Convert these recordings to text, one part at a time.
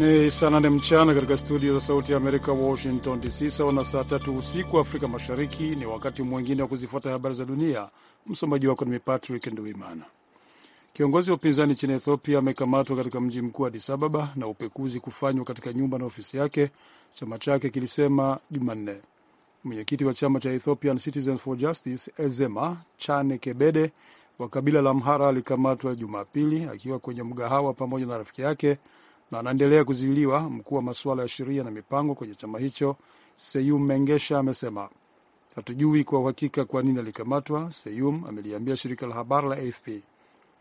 Ni saa nane mchana katika studio za Sauti ya Amerika, Washington DC, sawa na saa tatu usiku Afrika Mashariki. Ni wakati mwingine wa kuzifuata habari za dunia. Msomaji wako ni Patrick Nduimana. Kiongozi wa upinzani nchini Ethiopia amekamatwa katika mji mkuu Addis Ababa na upekuzi kufanywa katika nyumba na ofisi yake, chama chake kilisema Jumanne. Mwenyekiti wa chama cha Ethiopian Citizens for Justice EZEMA Chane Kebede wa kabila la mhara alikamatwa Jumapili akiwa kwenye mgahawa pamoja na rafiki yake na anaendelea kuzuiliwa. Mkuu wa masuala ya sheria na mipango kwenye chama hicho Seyum Mengesha amesema hatujui kwa uhakika kwa nini alikamatwa. Seyum ameliambia shirika la habari la AFP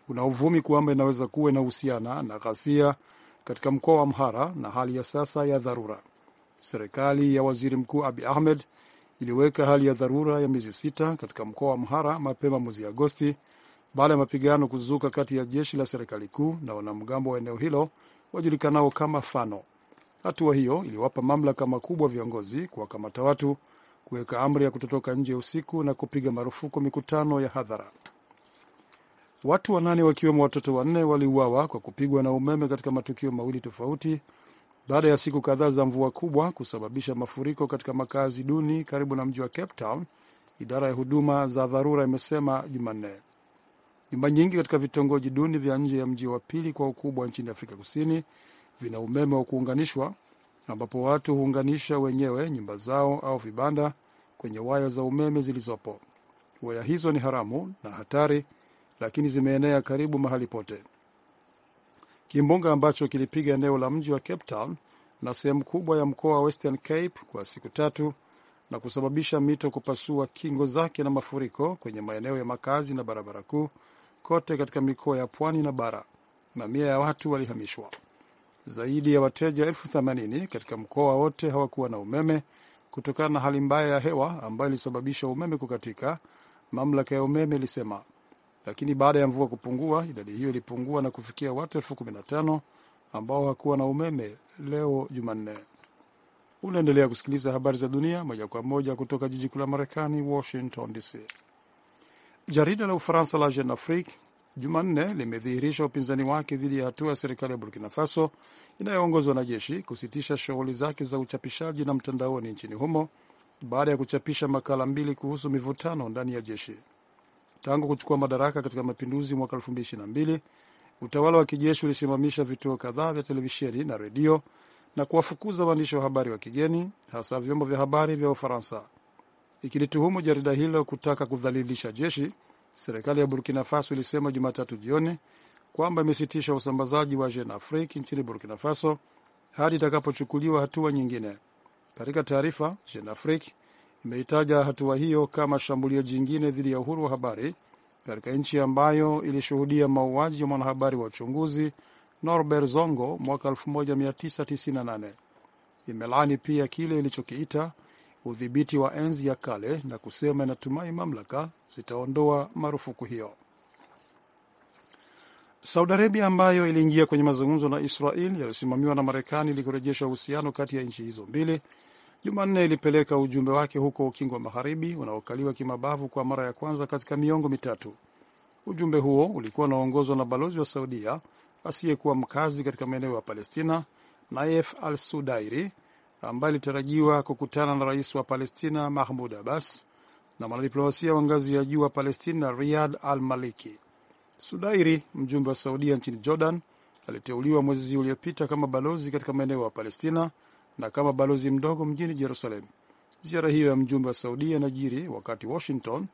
kuna uvumi kwamba inaweza kuwa inahusiana na ghasia katika mkoa wa Amhara na hali ya sasa ya dharura. Serikali ya waziri mkuu Abi Ahmed iliweka hali ya dharura ya miezi sita katika mkoa wa Amhara mapema mwezi Agosti baada ya mapigano kuzuka kati ya jeshi la serikali kuu na wanamgambo wa eneo hilo wajulikanao kama Fano. Hatua hiyo iliwapa mamlaka makubwa viongozi kuwakamata watu, kuweka amri ya kutotoka nje usiku na kupiga marufuku mikutano ya hadhara. Watu wanane wakiwemo watoto wanne waliuawa kwa kupigwa na umeme katika matukio mawili tofauti baada ya siku kadhaa za mvua kubwa kusababisha mafuriko katika makazi duni karibu na mji wa Cape Town, idara ya huduma za dharura imesema Jumanne. Nyumba nyingi katika vitongoji duni vya nje ya mji wa pili kwa ukubwa nchini Afrika Kusini vina umeme wa kuunganishwa, ambapo watu huunganisha wenyewe nyumba zao au vibanda kwenye waya za umeme zilizopo. Waya hizo ni haramu na hatari, lakini zimeenea karibu mahali pote. Kimbunga ambacho kilipiga eneo la mji wa Cape Town na sehemu kubwa ya mkoa wa Western Cape kwa siku tatu na kusababisha mito kupasua kingo zake na mafuriko kwenye maeneo ya makazi na barabara kuu kote katika mikoa ya pwani na bara. Mamia ya watu walihamishwa. Zaidi ya wateja elfu themanini katika mkoa wote hawakuwa na umeme kutokana na hali mbaya ya hewa ambayo ilisababisha umeme kukatika, mamlaka ya umeme ilisema. Lakini baada ya mvua kupungua, idadi hiyo ilipungua na kufikia watu elfu kumi na tano ambao hakuwa na umeme leo Jumanne. Unaendelea kusikiliza habari za dunia moja kwa moja kutoka jiji kuu la Marekani, Washington DC. Jarida la Ufaransa la Jeune Afrique Jumanne limedhihirisha upinzani wake dhidi ya hatua ya serikali ya Burkina Faso inayoongozwa na jeshi kusitisha shughuli zake za uchapishaji na mtandaoni nchini humo baada ya kuchapisha makala mbili kuhusu mivutano ndani ya jeshi. Tangu kuchukua madaraka katika mapinduzi mwaka 2022 utawala wa kijeshi ulisimamisha vituo kadhaa vya televisheni na redio na kuwafukuza waandishi wa habari wa kigeni, hasa vyombo vya habari vya Ufaransa ikilituhumu jarida hilo kutaka kudhalilisha jeshi. Serikali ya Burkina Faso ilisema Jumatatu jioni kwamba imesitisha usambazaji wa Jeune Afrique nchini Burkina Faso hadi itakapochukuliwa hatua nyingine. Katika taarifa, Jeune Afrique imeitaja hatua hiyo kama shambulio jingine dhidi ya uhuru wa habari katika nchi ambayo ilishuhudia mauaji ya mwanahabari wa uchunguzi Norbert Zongo mwaka 1998. Imelaani pia kile ilichokiita udhibiti wa enzi ya kale na kusema inatumai mamlaka zitaondoa marufuku hiyo. Saudi Arabia ambayo iliingia kwenye mazungumzo na Israel yaliyosimamiwa na Marekani ili kurejesha uhusiano kati ya nchi hizo mbili, Jumanne ilipeleka ujumbe wake huko Ukingo wa Magharibi unaokaliwa kimabavu kwa mara ya kwanza katika miongo mitatu. Ujumbe huo ulikuwa unaongozwa na balozi wa Saudia asiyekuwa mkazi katika maeneo ya Palestina, Naef Al Sudairi, ambaye ilitarajiwa kukutana na rais wa Palestina Mahmud Abbas na mwanadiplomasia wa ngazi ya juu wa Palestina Riyad Al Maliki. Sudairi, mjumbe wa Saudia nchini Jordan, aliteuliwa mwezi uliopita kama balozi katika maeneo ya Palestina na kama balozi mdogo mjini Jerusalem. Ziara hiyo ya mjumbe wa Saudia inajiri wakati Washington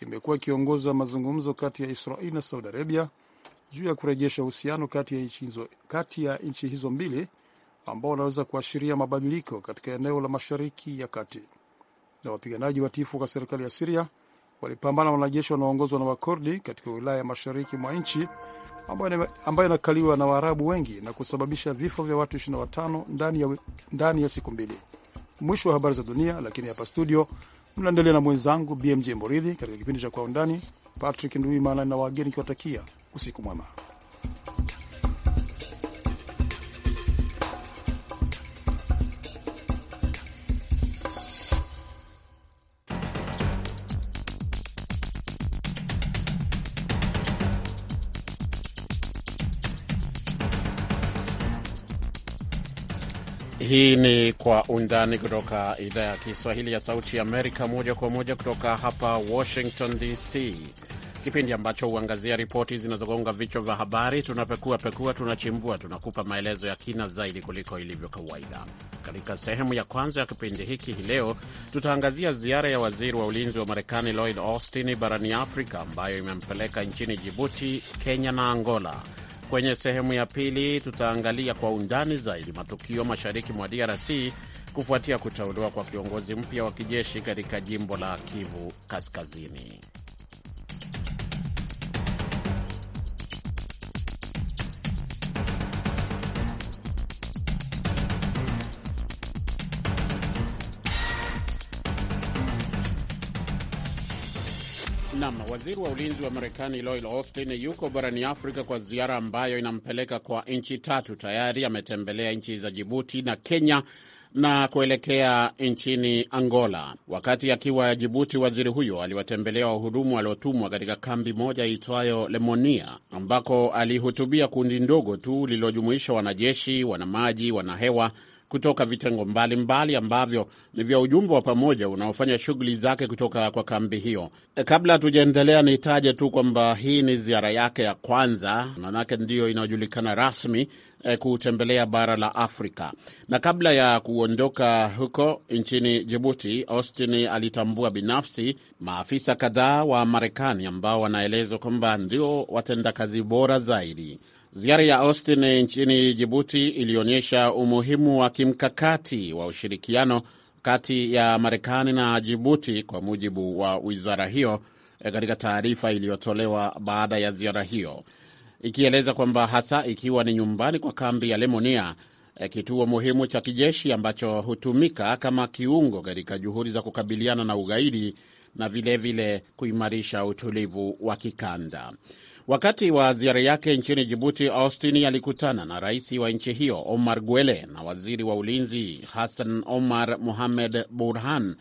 imekuwa ikiongoza mazungumzo kati ya Israel na Saudi Arabia juu ya kurejesha uhusiano kati ya nchi hizo mbili ambao wanaweza kuashiria mabadiliko katika eneo la Mashariki ya Kati. Na wapiganaji watifu kwa serikali ya Siria walipambana wanajeshi wanaoongozwa na Wakordi katika wilaya ya mashariki mwa nchi ambayo inakaliwa na Waarabu wengi na kusababisha vifo vya watu 25 ndani ya, ndani ya siku mbili. Mwisho wa habari za dunia, lakini hapa studio mnaendelea na mwenzangu BMJ Moridhi katika kipindi cha Kwa Undani. Patrick Nduimana na wageni kiwatakia usiku mwema. Hii ni Kwa Undani kutoka idhaa ya Kiswahili ya Sauti ya Amerika, moja kwa moja kutoka hapa Washington DC, kipindi ambacho huangazia ripoti zinazogonga vichwa vya habari. Tunapekua pekua, tunachimbua, tunakupa maelezo ya kina zaidi kuliko ilivyo kawaida. Katika sehemu ya kwanza ya kipindi hiki hii leo, tutaangazia ziara ya waziri wa ulinzi wa Marekani Lloyd Austin barani Afrika, ambayo imempeleka nchini Jibuti, Kenya na Angola. Kwenye sehemu ya pili tutaangalia kwa undani zaidi matukio mashariki mwa DRC kufuatia kuteuliwa kwa kiongozi mpya wa kijeshi katika jimbo la Kivu Kaskazini. Waziri wa ulinzi wa Marekani Lloyd Austin yuko barani Afrika kwa ziara ambayo inampeleka kwa nchi tatu tayari. Ametembelea nchi za Jibuti na Kenya na kuelekea nchini Angola. Wakati akiwa Jibuti, waziri huyo aliwatembelea wahudumu waliotumwa katika kambi moja itwayo Lemonia, ambako alihutubia kundi ndogo tu lililojumuisha wanajeshi, wanamaji, wanahewa kutoka vitengo mbalimbali mbali ambavyo ni vya ujumbe wa pamoja unaofanya shughuli zake kutoka kwa kambi hiyo. E, kabla hatujaendelea, nitaje tu kwamba hii ni ziara yake ya kwanza, manake ndiyo inayojulikana rasmi e, kutembelea bara la Afrika. Na kabla ya kuondoka huko nchini Jibuti, Austin alitambua binafsi maafisa kadhaa wa Marekani ambao wanaelezwa kwamba ndio watendakazi bora zaidi Ziara ya Austin nchini Jibuti ilionyesha umuhimu wa kimkakati wa ushirikiano kati ya Marekani na Jibuti, kwa mujibu wa wizara hiyo eh, katika taarifa iliyotolewa baada ya ziara hiyo, ikieleza kwamba hasa ikiwa ni nyumbani kwa kambi ya Lemonia, eh, kituo muhimu cha kijeshi ambacho hutumika kama kiungo katika juhudi za kukabiliana na ugaidi na vilevile vile kuimarisha utulivu wa kikanda. Wakati wa ziara yake nchini Jibuti, Austin alikutana na rais wa nchi hiyo Omar Gwele na waziri wa ulinzi Hassan Omar Mohamed Burhan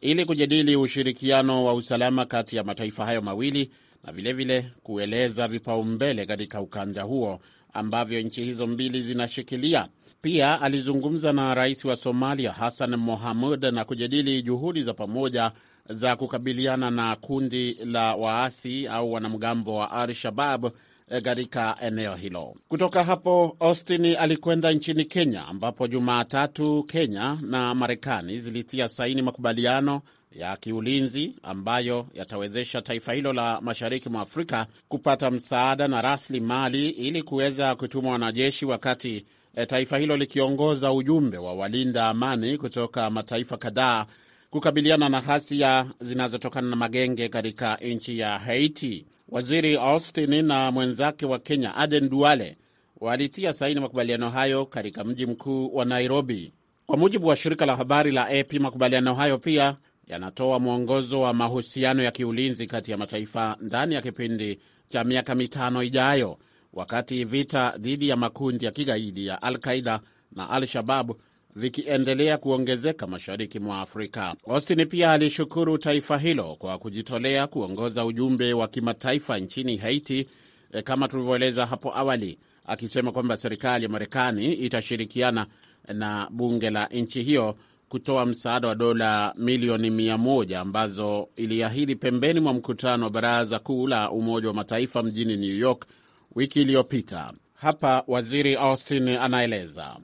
ili kujadili ushirikiano wa usalama kati ya mataifa hayo mawili na vilevile vile kueleza vipaumbele katika ukanda huo ambavyo nchi hizo mbili zinashikilia. Pia alizungumza na rais wa Somalia Hassan Mohamud na kujadili juhudi za pamoja za kukabiliana na kundi la waasi au wanamgambo wa Al-Shabab eh, katika eneo hilo. Kutoka hapo Austin alikwenda nchini Kenya, ambapo Jumatatu Kenya na Marekani zilitia saini makubaliano ya kiulinzi ambayo yatawezesha taifa hilo la mashariki mwa Afrika kupata msaada na rasilimali ili kuweza kutuma wanajeshi, wakati eh, taifa hilo likiongoza ujumbe wa walinda amani kutoka mataifa kadhaa kukabiliana na ghasia zinazotokana na magenge katika nchi ya Haiti. Waziri Austin na mwenzake wa Kenya Aden Duale walitia saini makubaliano hayo katika mji mkuu wa Nairobi. Kwa mujibu wa shirika la habari la AP, makubaliano hayo pia yanatoa mwongozo wa mahusiano ya kiulinzi kati ya mataifa ndani ya kipindi cha miaka mitano ijayo, wakati vita dhidi ya makundi ya kigaidi ya Al Qaida na Al Shababu vikiendelea kuongezeka mashariki mwa Afrika. Austin pia alishukuru taifa hilo kwa kujitolea kuongoza ujumbe wa kimataifa nchini Haiti e, kama tulivyoeleza hapo awali, akisema kwamba serikali ya Marekani itashirikiana na bunge la nchi hiyo kutoa msaada wa dola milioni mia moja ambazo iliahidi pembeni mwa mkutano wa baraza kuu la Umoja wa Mataifa mjini New York wiki iliyopita. Hapa waziri Austin anaeleza.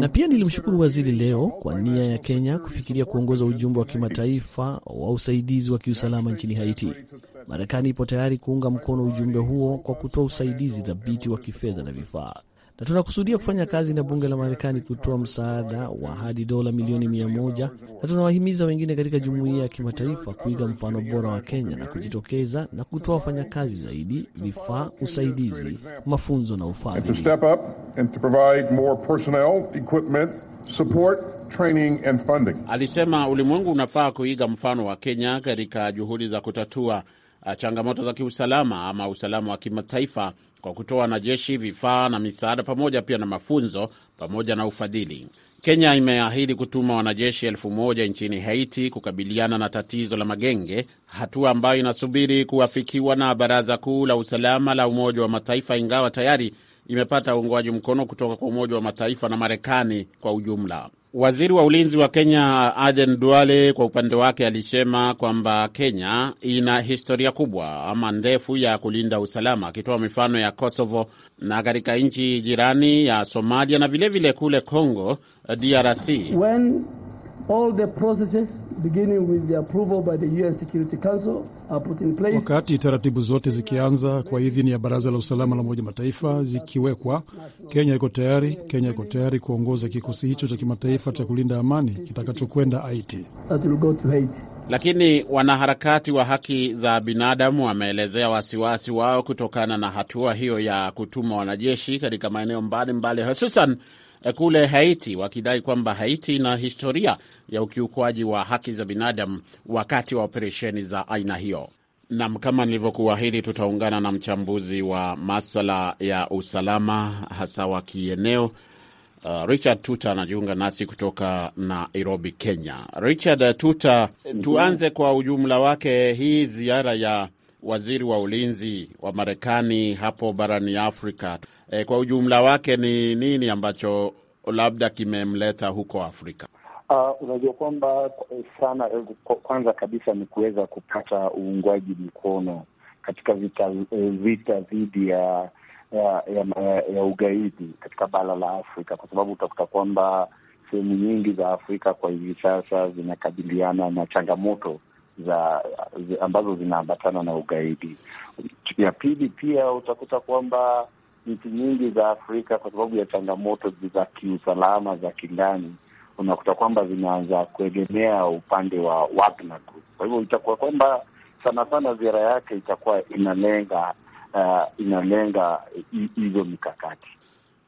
Na pia nilimshukuru waziri leo kwa nia ya Kenya kufikiria kuongoza ujumbe wa kimataifa wa usaidizi wa kiusalama nchini Haiti. Marekani ipo tayari kuunga mkono ujumbe huo kwa kutoa usaidizi thabiti wa kifedha na vifaa na tunakusudia kufanya kazi na bunge la Marekani kutoa msaada wa hadi dola milioni mia moja na tunawahimiza wengine katika jumuiya ya kimataifa kuiga mfano bora wa Kenya na kujitokeza na kutoa wafanyakazi zaidi, vifaa, usaidizi, mafunzo na ufadhili. Alisema ulimwengu unafaa kuiga mfano wa Kenya katika juhudi za kutatua Ah, changamoto za kiusalama ama usalama wa kimataifa kwa kutoa wanajeshi, vifaa na misaada, pamoja pia na mafunzo pamoja na ufadhili. Kenya imeahidi kutuma wanajeshi elfu moja nchini Haiti kukabiliana na tatizo la magenge, hatua ambayo inasubiri kuafikiwa na Baraza Kuu la Usalama la Umoja wa Mataifa, ingawa tayari imepata uungwaji mkono kutoka kwa Umoja wa Mataifa na Marekani kwa ujumla. Waziri wa ulinzi wa Kenya Aden Duale kwa upande wake alisema kwamba Kenya ina historia kubwa ama ndefu ya kulinda usalama, akitoa mifano ya Kosovo na katika nchi jirani ya Somalia na vilevile vile kule Congo DRC When... Wakati taratibu zote zikianza kwa idhini ya Baraza la Usalama la Umoja Mataifa zikiwekwa, Kenya iko tayari. Kenya iko tayari kuongoza kikosi hicho cha kimataifa cha kulinda amani kitakachokwenda Haiti. Lakini wanaharakati wa haki za binadamu wameelezea wasiwasi wao kutokana na hatua hiyo ya kutuma wanajeshi katika maeneo mbalimbali, hususan eh, kule Haiti, wakidai kwamba Haiti ina historia ya ukiukwaji wa haki za binadamu wakati wa operesheni za aina hiyo. Nam, kama nilivyokuahidi, tutaungana na mchambuzi wa maswala ya usalama hasa wa kieneo Uh, Richard Tuta anajiunga nasi kutoka Nairobi, Kenya. Richard uh, Tuta, tuanze kwa ujumla wake hii ziara ya waziri wa ulinzi wa Marekani hapo barani Afrika. eh, kwa ujumla wake ni nini ambacho labda kimemleta huko Afrika? Uh, unajua kwamba eh, sana eh, kwanza kabisa ni kuweza kupata uungwaji mkono katika vita eh, vita dhidi ya ya, ya ya ugaidi katika bara la Afrika, kwa sababu utakuta kwamba sehemu nyingi za Afrika kwa hivi sasa zinakabiliana na changamoto za ambazo zinaambatana na ugaidi. Ya pili, pia utakuta kwamba nchi nyingi za Afrika kwa sababu ya changamoto za kiusalama za kindani unakuta kwamba zinaanza kuegemea upande wa Wagner Group. Kwa hivyo itakuwa kwamba sana sana ziara yake itakuwa inalenga uh, inalenga hizo mikakati.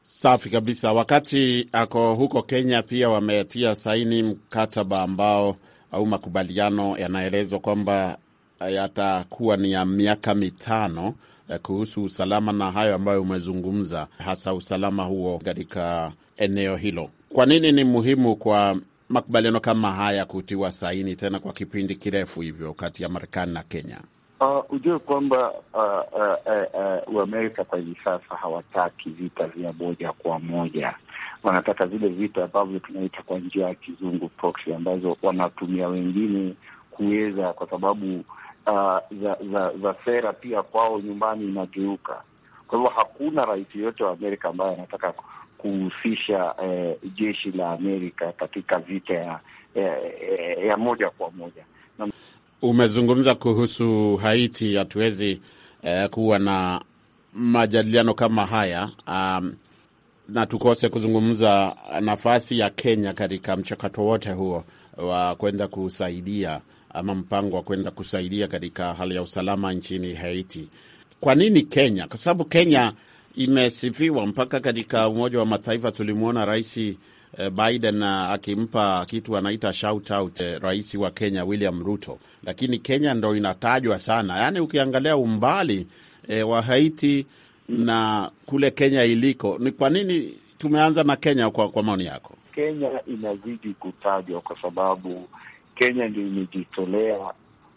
Safi kabisa. Wakati ako huko Kenya, pia wametia saini mkataba ambao au makubaliano yanaelezwa kwamba yatakuwa ni ya miaka mitano eh, kuhusu usalama na hayo ambayo umezungumza, hasa usalama huo katika eneo hilo. Kwa nini ni muhimu kwa makubaliano kama haya kutiwa saini tena kwa kipindi kirefu hivyo kati ya Marekani na Kenya? Uh, ujue kwamba Uamerika ah, ah, uh, uh, uh, kwa hivi sasa hawataki vita vya moja kwa moja. Wanataka vile vita ambavyo tunaita kwa njia ya kizungu proxy, ambazo wanatumia wengine kuweza, kwa sababu uh, za, za, za sera pia kwao nyumbani inageuka. Kwa hivyo hakuna rais yoyote wa Amerika ambaye anataka kuhusisha eh, jeshi la Amerika katika vita ya, ya, eh, ya moja kwa moja. Na... umezungumza kuhusu Haiti, hatuwezi eh, kuwa na majadiliano kama haya um, na tukose kuzungumza nafasi ya Kenya katika mchakato wote huo wa kwenda kusaidia ama mpango wa kwenda kusaidia katika hali ya usalama nchini Haiti. Kwa nini Kenya? Kwa sababu Kenya imesifiwa mpaka katika Umoja wa Mataifa. Tulimwona Rais eh, Biden ah, akimpa kitu anaita shout out eh, rais wa Kenya William Ruto, lakini Kenya ndo inatajwa sana. Yaani ukiangalia umbali e, wa Haiti na kule Kenya iliko, ni kwa nini tumeanza na Kenya? Kwa, kwa maoni yako, Kenya inazidi kutajwa kwa sababu Kenya ndio imejitolea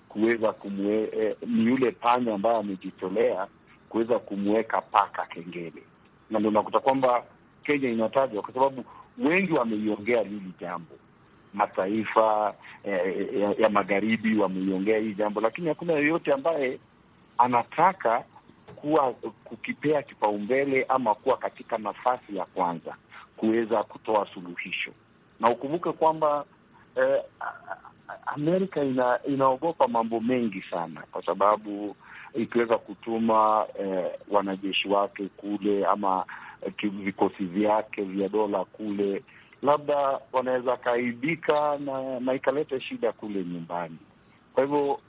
kuweza kumwe, eh, ni yule panya ambaye amejitolea kuweza kumweka paka kengele, na ndio unakuta kwamba Kenya inatajwa kwa sababu wengi wameiongea hili jambo, mataifa eh, eh, ya, ya magharibi wameiongea hili jambo, lakini hakuna yoyote ambaye anataka kuwa kukipea kipaumbele ama kuwa katika nafasi ya kwanza kuweza kutoa suluhisho. Na ukumbuke kwamba eh, Amerika ina, inaogopa mambo mengi sana, kwa sababu ikiweza kutuma eh, wanajeshi wake kule ama eh, vikosi vyake vya dola kule, labda wanaweza kaibika na, na ikaleta shida kule nyumbani. Kwa hivyo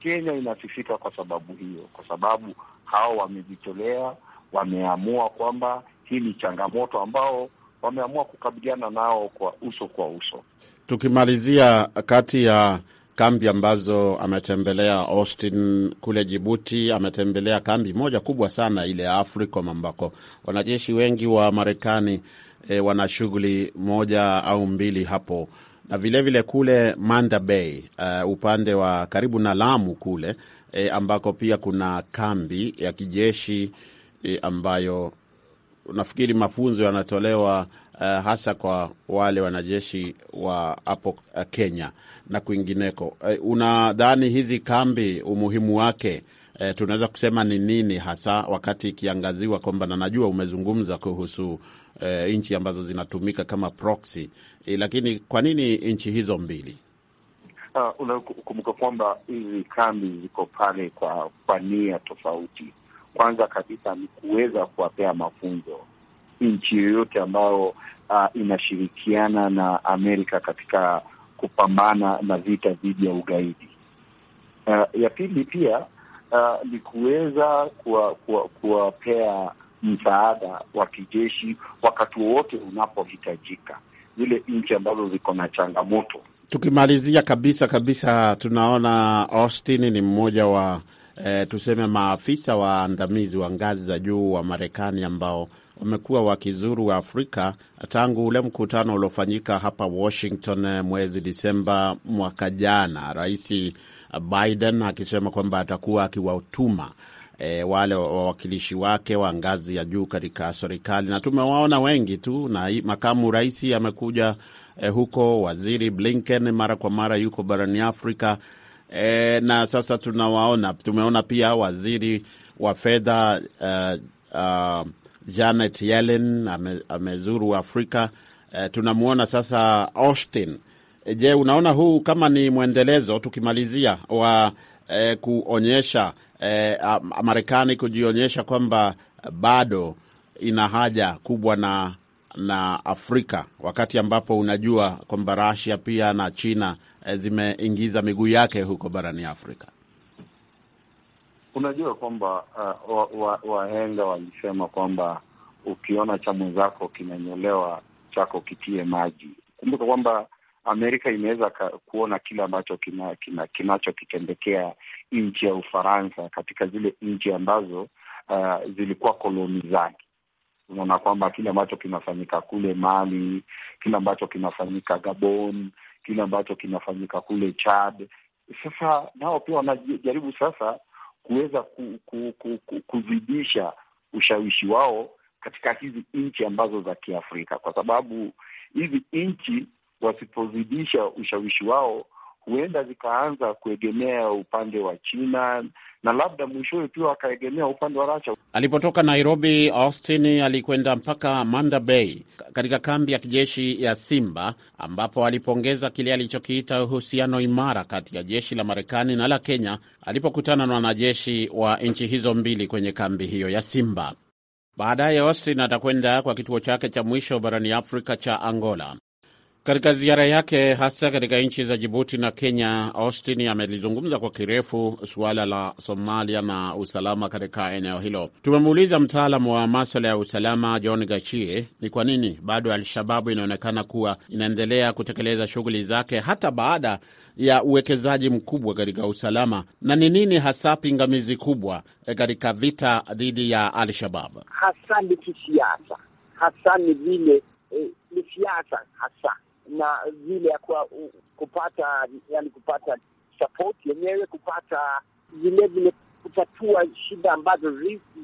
Kenya inasifika kwa sababu hiyo, kwa sababu hao wamejitolea, wameamua kwamba hii ni changamoto ambao wameamua kukabiliana nao kwa uso kwa uso. Tukimalizia kati ya uh kambi ambazo ametembelea Austin kule Jibuti, ametembelea kambi moja kubwa sana ile ya AFRICOM ambako wanajeshi wengi wa Marekani e, wana shughuli moja au mbili hapo na vilevile vile kule Manda Bay uh, upande wa karibu na Lamu kule e, ambako pia kuna kambi ya kijeshi e, ambayo Nafikiri mafunzo yanatolewa uh, hasa kwa wale wanajeshi wa hapo uh, Kenya na kwingineko. Uh, unadhani hizi kambi umuhimu wake uh, tunaweza kusema ni nini hasa wakati ikiangaziwa kwamba, na najua umezungumza kuhusu uh, nchi ambazo zinatumika kama proxy lakini kwa nini nchi hizo mbili? Uh, unakumbuka kwamba hizi kambi ziko pale kwa kwa nia tofauti kwanza kabisa ni kuweza kuwapea mafunzo nchi yoyote ambayo uh, inashirikiana na Amerika katika kupambana na vita dhidi ya ugaidi. Uh, ya pili pia uh, ni kuweza kuwapea msaada wa kijeshi wakati wowote unapohitajika zile nchi ambazo ziko na changamoto. Tukimalizia kabisa kabisa, tunaona Austin ni mmoja wa eh, tuseme maafisa waandamizi wa ngazi za juu wa Marekani ambao wamekuwa wakizuru wa Afrika tangu ule mkutano uliofanyika hapa Washington eh, mwezi Disemba mwaka jana, Rais Biden akisema kwamba atakuwa akiwatuma E, wale wawakilishi wake wa ngazi ya juu katika serikali na tumewaona wengi tu, na makamu rais amekuja e, huko, waziri Blinken mara kwa mara yuko barani Afrika e, na sasa tunawaona, tumeona pia waziri wa fedha uh, uh, Janet Yellen ame, amezuru Afrika. e, tunamwona sasa Austin. E, je, unaona huu kama ni mwendelezo tukimalizia wa e, kuonyesha e, Marekani kujionyesha kwamba bado ina haja kubwa na na Afrika, wakati ambapo unajua kwamba Russia pia na China Eh, zimeingiza miguu yake huko barani Afrika? Unajua kwamba uh, eh, wahenga wa, wa walisema kwamba ukiona cha mwenzako kinanyolewa chako kitie maji. Kumbuka kwamba Amerika imeweza kuona kile ambacho kinachokitendekea kina, kina nchi ya Ufaransa katika zile nchi ambazo uh, zilikuwa koloni zake. Unaona kwamba kile ambacho kinafanyika kule Mali, kile ambacho kinafanyika Gabon, kile ambacho kinafanyika kule Chad. Sasa nao pia wanajaribu sasa kuweza ku, ku, ku, ku, kuzidisha ushawishi wao katika hizi nchi ambazo za Kiafrika, kwa sababu hizi nchi wasipozidisha ushawishi wao huenda zikaanza kuegemea upande wa China na labda mwishowe pia akaegemea upande wa Racha. Alipotoka Nairobi, Austin alikwenda mpaka Manda Bay katika kambi ya kijeshi ya Simba ambapo alipongeza kile alichokiita uhusiano imara kati ya jeshi la Marekani na la Kenya alipokutana na wanajeshi wa nchi hizo mbili kwenye kambi hiyo ya Simba. Baadaye Austin atakwenda kwa kituo chake cha mwisho barani Afrika cha Angola. Katika ziara yake hasa katika nchi za Jibuti na Kenya, Austin amelizungumza kwa kirefu suala la Somalia na usalama katika eneo hilo. Tumemuuliza mtaalamu wa maswala ya usalama John Gachie ni kwa nini bado Al-Shababu inaonekana kuwa inaendelea kutekeleza shughuli zake hata baada ya uwekezaji mkubwa katika usalama, na ni nini hasa pingamizi kubwa katika vita dhidi ya Al-Shabab? Hasa ni kisiasa, hasa ni vile eh, ni siasa hasa na vile ya kwa, u, kupata yani kupata sapoti yenyewe, kupata vilevile kutatua shida ambazo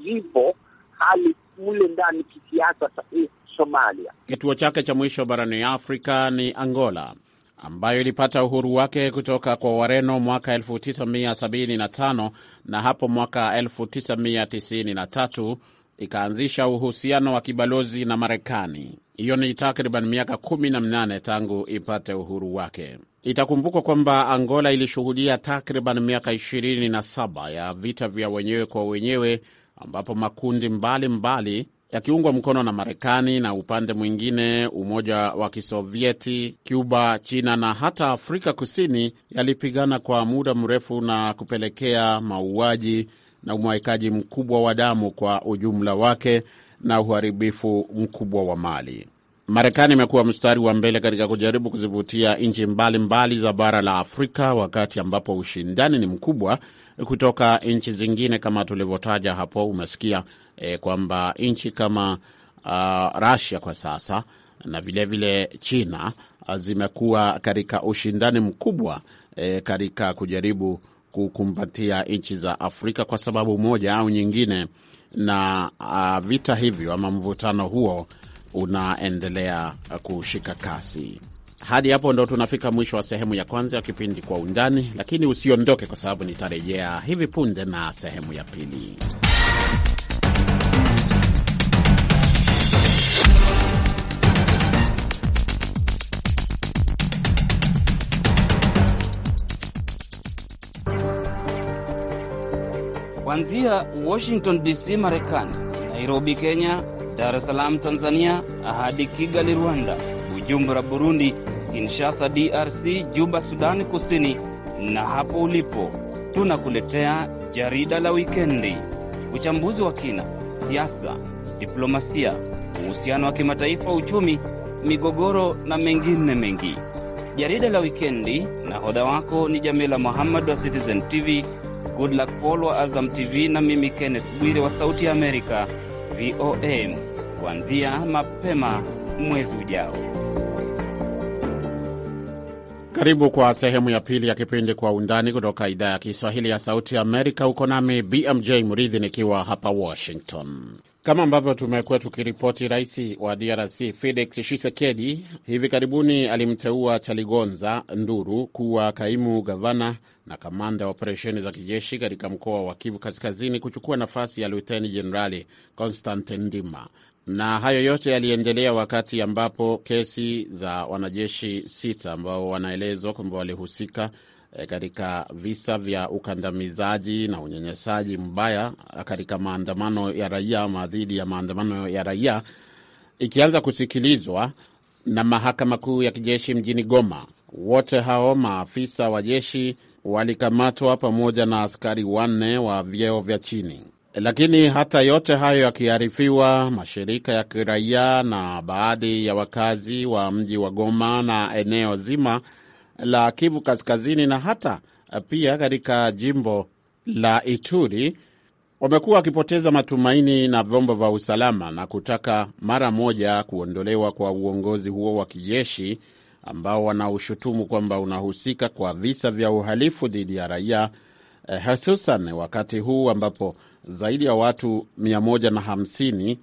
zipo hali kule ndani kisiasa eh, Somalia. Kituo chake cha mwisho barani Afrika ni Angola ambayo ilipata uhuru wake kutoka kwa Wareno mwaka 1975 na hapo mwaka 1993 ikaanzisha uhusiano wa kibalozi na Marekani. Hiyo ni takriban miaka 18 na minane tangu ipate uhuru wake. Itakumbukwa kwamba Angola ilishuhudia takriban miaka 27 ya vita vya wenyewe kwa wenyewe ambapo makundi mbalimbali yakiungwa mkono na Marekani na upande mwingine Umoja wa Kisovieti, Cuba, China na hata Afrika Kusini yalipigana kwa muda mrefu na kupelekea mauaji, na umwaikaji mkubwa wa damu kwa ujumla wake na uharibifu mkubwa wa mali. Marekani imekuwa mstari wa mbele katika kujaribu kuzivutia nchi mbalimbali za bara la Afrika, wakati ambapo ushindani ni mkubwa kutoka nchi zingine kama tulivyotaja hapo. Umesikia e, kwamba nchi kama uh, Russia kwa sasa na vilevile vile China zimekuwa katika ushindani mkubwa e, katika kujaribu kukumbatia nchi za Afrika kwa sababu moja au nyingine, na uh, vita hivyo ama mvutano huo unaendelea kushika kasi. Hadi hapo ndo tunafika mwisho wa sehemu ya kwanza ya kipindi Kwa Undani, lakini usiondoke, kwa sababu nitarejea hivi punde na sehemu ya pili. kuanzia Washington DC, Marekani, Nairobi, Kenya, Dar es Salaam, Tanzania, hadi Kigali, Rwanda, Bujumbura, Burundi, Kinshasa, DRC, Juba, Sudani Kusini, na hapo ulipo tunakuletea jarida la wikendi, uchambuzi wa kina, siasa, diplomasia, uhusiano wa kimataifa, uchumi, migogoro na mengine mengi. Jarida la wikendi, nahodha wako ni Jamila Muhammad wa Citizen TV Goodluck Paul wa Azam TV na mimi Kenneth Bwire wa Sauti ya Amerika vom kuanzia mapema mwezi ujao. Karibu kwa sehemu ya pili ya kipindi Kwa Undani kutoka idhaa ya Kiswahili ya Sauti ya Amerika. Uko nami BMJ Muridhi nikiwa hapa Washington. Kama ambavyo tumekuwa tukiripoti, rais wa DRC Felix Tshisekedi hivi karibuni alimteua Chaligonza Nduru kuwa kaimu gavana na kamanda wa operesheni za kijeshi katika mkoa wa Kivu Kaskazini, kuchukua nafasi ya luteni jenerali Constantin Ndima. Na hayo yote yaliendelea wakati ambapo kesi za wanajeshi sita ambao wanaelezwa kwamba walihusika Eh, katika visa vya ukandamizaji na unyenyesaji mbaya eh, katika maandamano ya raia ama dhidi ya maandamano ya raia ikianza kusikilizwa na mahakama kuu ya kijeshi mjini Goma. Wote hao maafisa wa jeshi walikamatwa pamoja na askari wanne wa vyeo vya chini. Lakini hata yote hayo yakiharifiwa, mashirika ya kiraia na baadhi ya wakazi wa mji wa Goma na eneo zima la Kivu Kaskazini na hata pia katika jimbo la Ituri wamekuwa wakipoteza matumaini na vyombo vya usalama na kutaka mara moja kuondolewa kwa uongozi huo wa kijeshi ambao wanaushutumu kwamba unahusika kwa visa vya uhalifu dhidi ya raia eh, hususan wakati huu ambapo zaidi ya watu 150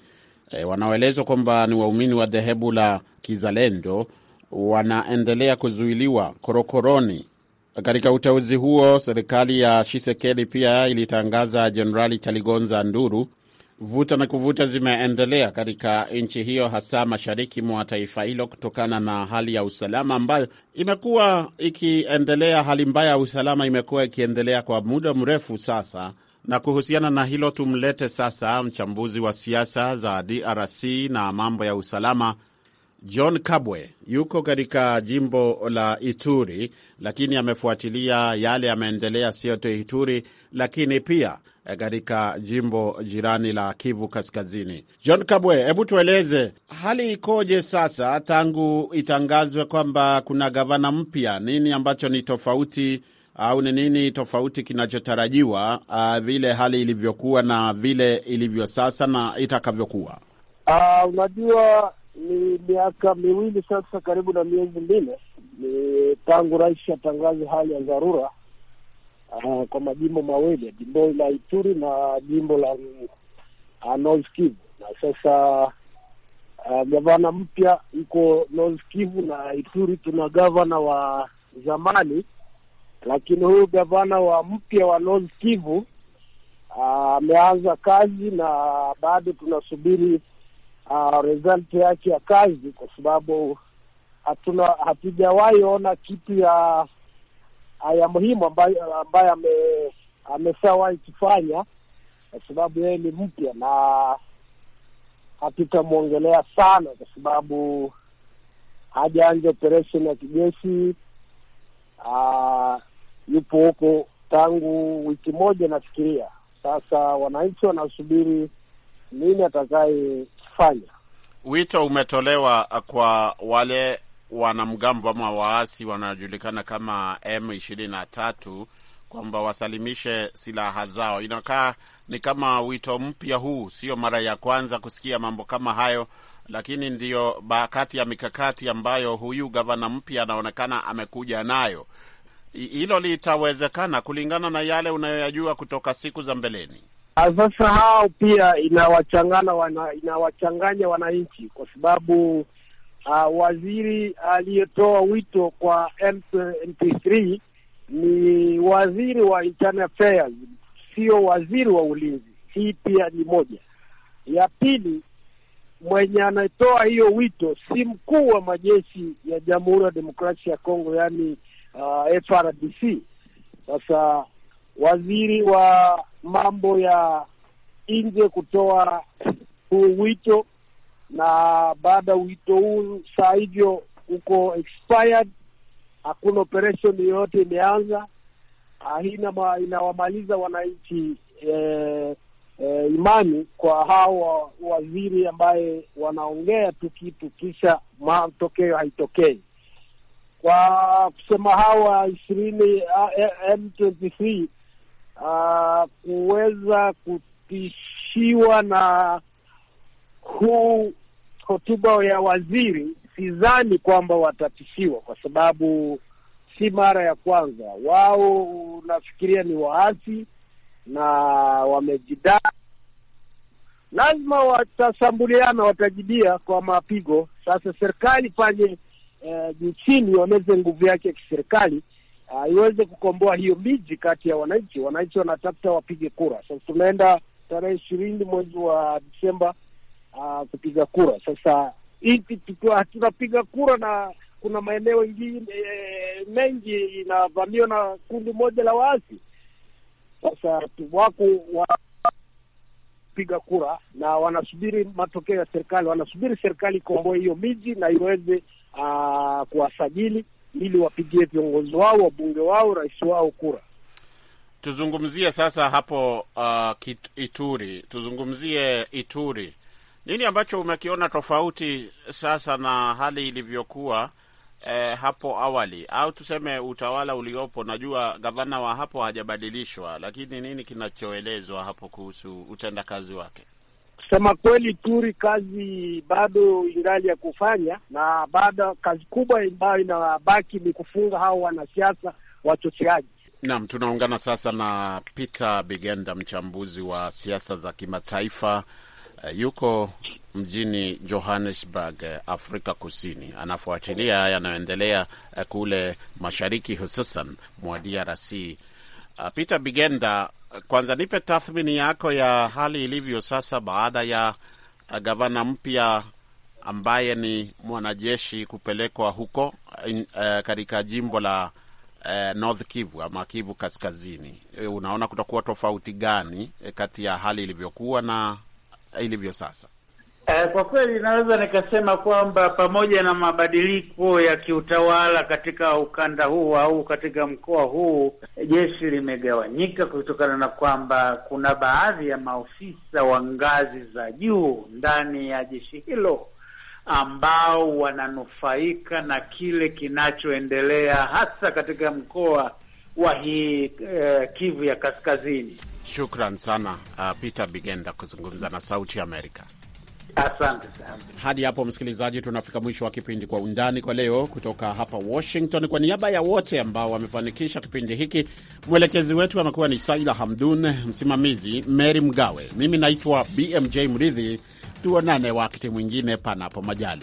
eh, wanaoelezwa kwamba ni waumini wa dhehebu la kizalendo wanaendelea kuzuiliwa korokoroni. Katika uteuzi huo, serikali ya Tshisekedi pia ilitangaza Jenerali Chaligonza Nduru. Vuta na kuvuta zimeendelea katika nchi hiyo, hasa mashariki mwa taifa hilo, kutokana na hali ya usalama ambayo imekuwa ikiendelea. Hali mbaya ya usalama imekuwa ikiendelea kwa muda mrefu sasa, na kuhusiana na hilo tumlete sasa mchambuzi wa siasa za DRC na mambo ya usalama John Kabwe yuko katika jimbo la Ituri, lakini amefuatilia yale yameendelea, siyo tu Ituri, lakini pia eh, katika jimbo jirani la Kivu Kaskazini. John Kabwe, hebu tueleze hali ikoje sasa tangu itangazwe kwamba kuna gavana mpya? Nini ambacho ni tofauti au ni nini tofauti kinachotarajiwa, uh, vile hali ilivyokuwa na vile ilivyo sasa na itakavyokuwa? Uh, unajua ni miaka miwili sasa, karibu na miezi minne ni tangu rais atangaze hali ya dharura uh, kwa majimbo mawili, jimbo la Ituri na jimbo la uh, North Kivu. Na sasa uh, gavana mpya iko North Kivu na Ituri, tuna gavana wa zamani, lakini huyu gavana wa mpya wa North Kivu uh, ameanza uh, kazi na bado tunasubiri uh, result yake ya kazi, kwa sababu hatuna hatujawahi ona kitu ya ya muhimu ambayo ambayo ame, ameshawahi kufanya, kwa sababu yeye ni mpya na hatutamwongelea sana, kwa sababu hajaanja operesheni ya kijeshi. Uh, yupo huko tangu wiki moja nafikiria. Sasa wananchi wanasubiri nini atakaye kufanya. Wito umetolewa kwa wale wanamgambo ama waasi wanaojulikana kama M23 kwamba wasalimishe silaha zao. Inakaa ni kama wito mpya huu, sio mara ya kwanza kusikia mambo kama hayo, lakini ndiyo kati ya mikakati ambayo huyu gavana mpya anaonekana amekuja nayo. Hilo litawezekana kulingana na yale unayoyajua kutoka siku za mbeleni? Ah, sasa hao pia inawachangana wana, inawachanganya wananchi kwa sababu uh, waziri aliyetoa wito kwa MP3 ni waziri wa internal affairs, sio waziri wa ulinzi. Hii pia ni moja. Ya pili, mwenye anatoa hiyo wito si mkuu wa majeshi ya Jamhuri ya Demokrasia ya Kongo, yaani uh, ah, FRDC. Sasa waziri wa mambo ya nje kutoa huu wito, na baada ya wito huu saa hivyo uko expired, hakuna operation yoyote imeanza. Hii inawamaliza wananchi eh, eh, imani kwa hao waziri ambaye wanaongea tu kitu kisha matokeo haitokei. Kwa kusema hawa ishirini eh, eh, M23 uh, kuweza kutishiwa na huu hotuba ya waziri, sidhani kwamba watatishiwa kwa sababu si mara ya kwanza. Wao nafikiria ni waasi na wamejidai, lazima watasambuliana, watajibia kwa mapigo. Sasa serikali pale eh, nchini, eh, nguvu yake ya kiserikali iweze kukomboa hiyo miji kati ya wananchi. Wananchi wanatafuta wapige kura. Sasa tunaenda tarehe ishirini mwezi wa Disemba uh, kupiga kura. Sasa tunapiga kura na kuna maeneo ingine eh, mengi inavamiwa na kundi moja la waasi. Sasa wako wapiga kura na wanasubiri matokeo ya serikali, wanasubiri serikali ikomboe hiyo miji na iweze uh, kuwasajili ili wapigie viongozi wao, wabunge wao, rais wao kura. Tuzungumzie sasa hapo uh, Ituri, tuzungumzie Ituri. Nini ambacho umekiona tofauti sasa na hali ilivyokuwa eh, hapo awali au tuseme utawala uliopo? Najua gavana wa hapo hajabadilishwa, lakini nini kinachoelezwa hapo kuhusu utendakazi wake? Kusema kweli, Turi kazi bado ingali ya kufanya, na bado kazi kubwa ambayo inabaki ni kufunga hao wanasiasa wachocheaji. Naam, tunaungana sasa na Peter Bigenda, mchambuzi wa siasa za kimataifa eh, yuko mjini Johannesburg, eh, Afrika Kusini. Anafuatilia yanayoendelea eh, kule mashariki, hususan mwa DRC. Ah, Peter Bigenda, kwanza nipe tathmini yako ya hali ilivyo sasa baada ya uh, gavana mpya ambaye ni mwanajeshi kupelekwa huko uh, uh, katika jimbo la uh, North Kivu ama Kivu Kaskazini. Eh, unaona kutakuwa tofauti gani eh, kati ya hali ilivyokuwa na ilivyo sasa? Eh, kwa kweli naweza nikasema kwamba pamoja na mabadiliko ya kiutawala katika ukanda huu au katika mkoa huu, jeshi limegawanyika kutokana na kwamba kuna baadhi ya maofisa wa ngazi za juu ndani ya jeshi hilo ambao wananufaika na kile kinachoendelea hasa katika mkoa wa hii eh, Kivu ya Kaskazini. Shukran sana uh, Peter Bigenda kuzungumza na Sauti Amerika. Asante sana. Hadi hapo msikilizaji, tunafika mwisho wa kipindi Kwa Undani kwa leo, kutoka hapa Washington. Kwa niaba ya wote ambao wamefanikisha kipindi hiki, mwelekezi wetu amekuwa ni Saila Hamdun, msimamizi Mary Mgawe, mimi naitwa BMJ Mridhi. Tuonane wakati mwingine, panapo majali.